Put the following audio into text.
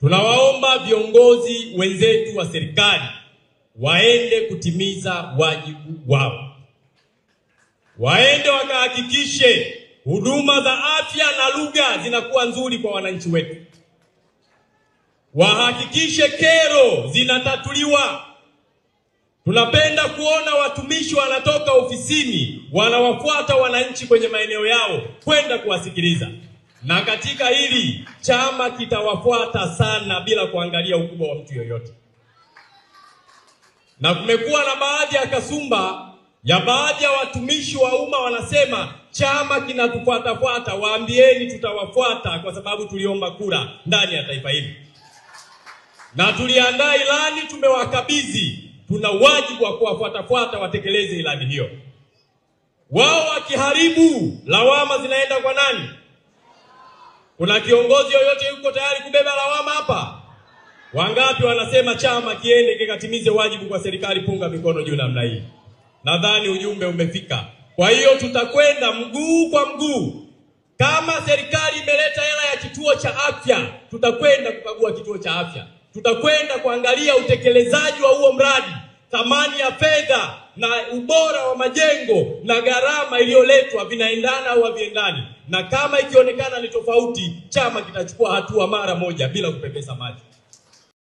Tunawaomba viongozi wenzetu wa serikali waende kutimiza wajibu wao, waende wakahakikishe huduma za afya na lugha zinakuwa nzuri kwa wananchi wetu, wahakikishe kero zinatatuliwa. Tunapenda kuona watumishi wanatoka ofisini wanawafuata wananchi kwenye maeneo yao kwenda kuwasikiliza na katika hili chama kitawafuata sana bila kuangalia ukubwa wa mtu yoyote. Na kumekuwa na baadhi ya kasumba ya baadhi ya watumishi wa umma wanasema chama kinatufuatafuata. Waambieni tutawafuata kwa sababu tuliomba kura ndani ya taifa hili na tuliandaa ilani, tumewakabidhi. Tuna wajibu wa kuwafuatafuata watekeleze ilani hiyo. Wao wakiharibu, lawama zinaenda kwa nani? Kuna kiongozi yoyote yuko tayari kubeba lawama hapa? Wangapi wanasema chama kiende kikatimize wajibu kwa serikali? Punga mikono juu namna hii. Nadhani ujumbe umefika. Kwa hiyo tutakwenda mguu kwa mguu. Kama serikali imeleta hela ya kituo cha afya, tutakwenda kukagua kituo cha afya, tutakwenda kuangalia utekelezaji wa huo mradi thamani ya fedha na ubora wa majengo na gharama iliyoletwa vinaendana au haviendani, na kama ikionekana ni tofauti, chama kitachukua hatua mara moja bila kupepesa macho.